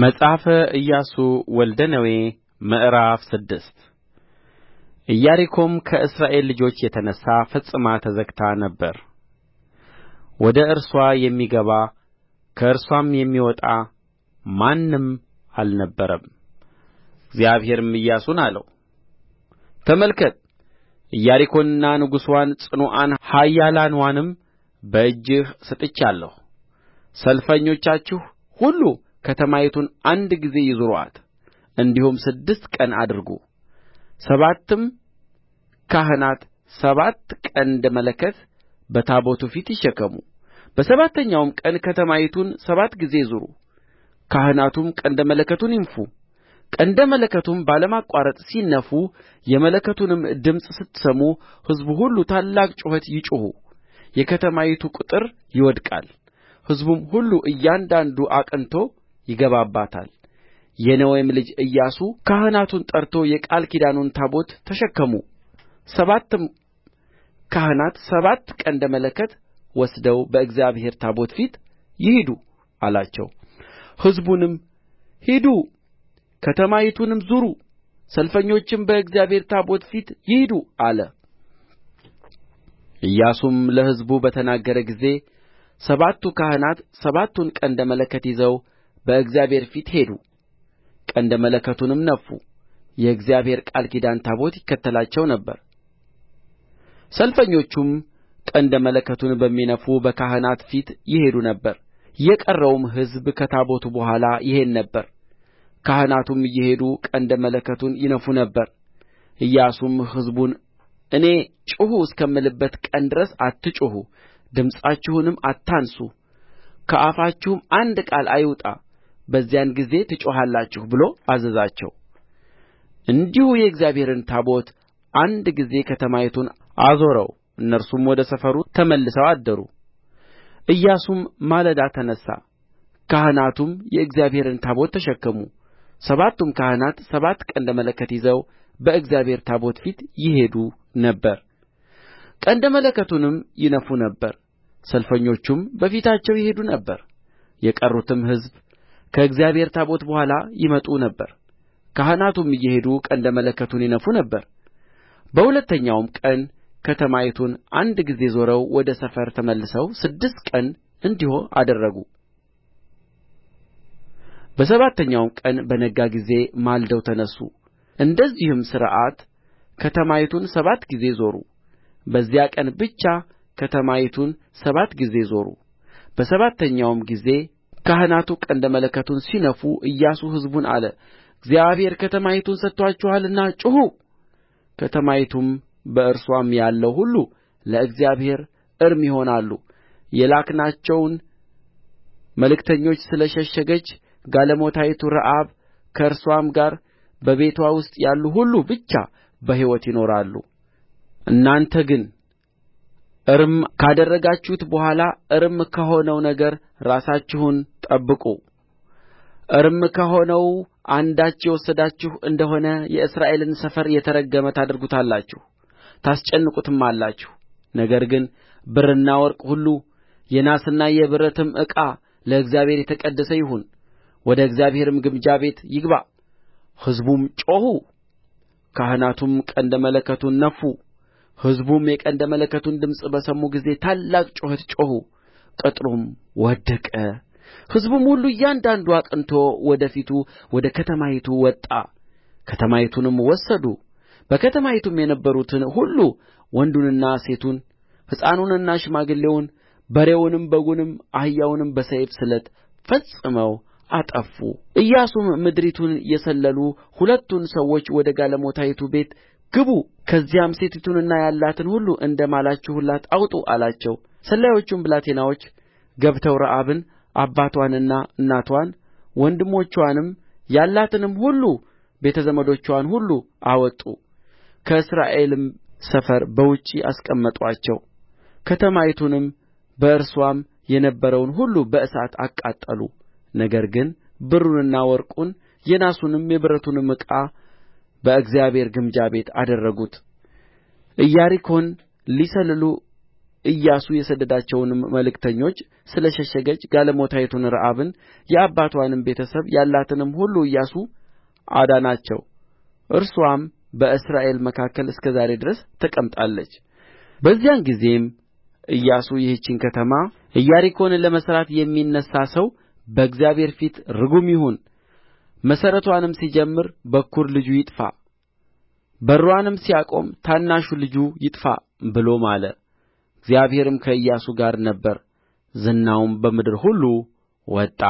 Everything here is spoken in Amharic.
መጽሐፈ ኢያሱ ወልደ ነዌ ምዕራፍ ስድስት ኢያሪኮም ከእስራኤል ልጆች የተነሣ ፈጽማ ተዘግታ ነበር። ወደ እርሷ የሚገባ ከእርሷም የሚወጣ ማንም አልነበረም። እግዚአብሔርም ኢያሱን አለው፣ ተመልከት ኢያሪኮንና ንጉሥዋን ጽኑዓን ኃያላንዋንም በእጅህ ሰጥቻለሁ። ሰልፈኞቻችሁ ሁሉ ከተማይቱን አንድ ጊዜ ይዙሩአት እንዲሁም ስድስት ቀን አድርጉ ሰባትም ካህናት ሰባት ቀንደ መለከት በታቦቱ ፊት ይሸከሙ በሰባተኛውም ቀን ከተማይቱን ሰባት ጊዜ ዙሩ ካህናቱም ቀንደ መለከቱን ይንፉ ቀንደ መለከቱም ባለማቋረጥ ሲነፉ የመለከቱንም ድምፅ ስትሰሙ ሕዝቡ ሁሉ ታላቅ ጩኸት ይጩኹ የከተማይቱ ቅጥር ይወድቃል ሕዝቡም ሁሉ እያንዳንዱ አቅንቶ ይገባባታል የነዌም ልጅ ኢያሱ ካህናቱን ጠርቶ የቃል ኪዳኑን ታቦት ተሸከሙ ሰባትም ካህናት ሰባት ቀንደ መለከት ወስደው በእግዚአብሔር ታቦት ፊት ይሂዱ አላቸው ሕዝቡንም ሂዱ ከተማይቱንም ዙሩ ሰልፈኞችም በእግዚአብሔር ታቦት ፊት ይሂዱ አለ ኢያሱም ለሕዝቡ በተናገረ ጊዜ ሰባቱ ካህናት ሰባቱን ቀንደ መለከት ይዘው በእግዚአብሔር ፊት ሄዱ ቀንደ መለከቱንም ነፉ የእግዚአብሔር ቃል ኪዳን ታቦት ይከተላቸው ነበር ሰልፈኞቹም ቀንደ መለከቱን በሚነፉ በካህናት ፊት ይሄዱ ነበር የቀረውም ሕዝብ ከታቦቱ በኋላ ይሄድ ነበር ካህናቱም እየሄዱ ቀንደ መለከቱን ይነፉ ነበር ኢያሱም ሕዝቡን እኔ ጩኹ እስከምልበት ቀን ድረስ አትጩኹ ድምፃችሁንም አታንሡ ከአፋችሁም አንድ ቃል አይውጣ በዚያን ጊዜ ትጮኻላችሁ ብሎ አዘዛቸው። እንዲሁ የእግዚአብሔርን ታቦት አንድ ጊዜ ከተማይቱን አዞረው፣ እነርሱም ወደ ሰፈሩ ተመልሰው አደሩ። ኢያሱም ማለዳ ተነሣ፣ ካህናቱም የእግዚአብሔርን ታቦት ተሸከሙ። ሰባቱም ካህናት ሰባት ቀንደ መለከት ይዘው በእግዚአብሔር ታቦት ፊት ይሄዱ ነበር። ቀንደ መለከቱንም ይነፉ ነበር፣ ሰልፈኞቹም በፊታቸው ይሄዱ ነበር። የቀሩትም ሕዝብ ከእግዚአብሔር ታቦት በኋላ ይመጡ ነበር ካህናቱም እየሄዱ ቀንደ መለከቱን ይነፉ ነበር በሁለተኛውም ቀን ከተማይቱን አንድ ጊዜ ዞረው ወደ ሰፈር ተመልሰው ስድስት ቀን እንዲሁ አደረጉ በሰባተኛውም ቀን በነጋ ጊዜ ማልደው ተነሡ እንደዚህም ሥርዓት ከተማይቱን ሰባት ጊዜ ዞሩ በዚያ ቀን ብቻ ከተማይቱን ሰባት ጊዜ ዞሩ በሰባተኛውም ጊዜ ካህናቱ ቀንደ መለከቱን ሲነፉ ኢያሱ ሕዝቡን አለ እግዚአብሔር ከተማይቱን ሰጥቶአችኋልና ጩኹ ከተማይቱም በእርስዋም ያለው ሁሉ ለእግዚአብሔር እርም ይሆናሉ የላክናቸውን መልእክተኞች ስለ ሸሸገች ጋለሞታይቱ ረዓብ ከእርሷም ጋር በቤትዋ ውስጥ ያሉ ሁሉ ብቻ በሕይወት ይኖራሉ እናንተ ግን እርም ካደረጋችሁት በኋላ እርም ከሆነው ነገር ራሳችሁን ጠብቁ እርም ከሆነው አንዳች የወሰዳችሁ እንደ ሆነ የእስራኤልን ሰፈር የተረገመ ታደርጉታላችሁ ታስጨንቁትማላችሁ ነገር ግን ብርና ወርቅ ሁሉ የናስና የብረትም ዕቃ ለእግዚአብሔር የተቀደሰ ይሁን ወደ እግዚአብሔርም ግምጃ ቤት ይግባ ሕዝቡም ጮኹ ካህናቱም ቀንደ መለከቱን ነፉ ሕዝቡም የቀንደ መለከቱን ድምፅ በሰሙ ጊዜ ታላቅ ጩኸት ጮኹ ቅጥሩም ወደቀ ሕዝቡም ሁሉ እያንዳንዱ አቅንቶ ወደ ፊቱ ወደ ከተማይቱ ወጣ ከተማይቱንም ወሰዱ በከተማይቱም የነበሩትን ሁሉ ወንዱንና ሴቱን ሕፃኑንና ሽማግሌውን በሬውንም በጉንም አህያውንም በሰይፍ ስለት ፈጽመው አጠፉ ኢያሱም ምድሪቱን የሰለሉ ሁለቱን ሰዎች ወደ ጋለሞታይቱ ቤት ግቡ ከዚያም ሴቲቱንና ያላትን ሁሉ እንደ ማላችሁላት አውጡ አላቸው ሰላዮቹም ብላቴናዎች ገብተው ረዓብን አባትዋንና እናትዋን ወንድሞችዋንም ያላትንም ሁሉ ቤተ ዘመዶችዋን ሁሉ አወጡ ከእስራኤልም ሰፈር በውጭ አስቀመጡአቸው ከተማይቱንም በእርስዋም የነበረውን ሁሉ በእሳት አቃጠሉ ነገር ግን ብሩንና ወርቁን የናሱንም የብረቱንም ዕቃ በእግዚአብሔር ግምጃ ቤት አደረጉት ኢያሪኮን ሊሰልሉ ኢያሱ የሰደዳቸውንም መልእክተኞች ስለ ሸሸገች ጋለሞታይቱን ረዓብን የአባትዋንም ቤተ ሰብ ያላትንም ሁሉ ኢያሱ አዳናቸው እርስዋም በእስራኤል መካከል እስከ ዛሬ ድረስ ተቀምጣለች በዚያን ጊዜም ኢያሱ ይህችን ከተማ ኢያሪኮን ለመሥራት የሚነሣ ሰው በእግዚአብሔር ፊት ርጉም ይሁን መሠረትዋንም ሲጀምር በኵር ልጁ ይጥፋ በርዋንም ሲያቆም ታናሹ ልጁ ይጥፋ ብሎ ማለ እግዚአብሔርም ከኢያሱ ጋር ነበረ ዝናውም በምድር ሁሉ ወጣ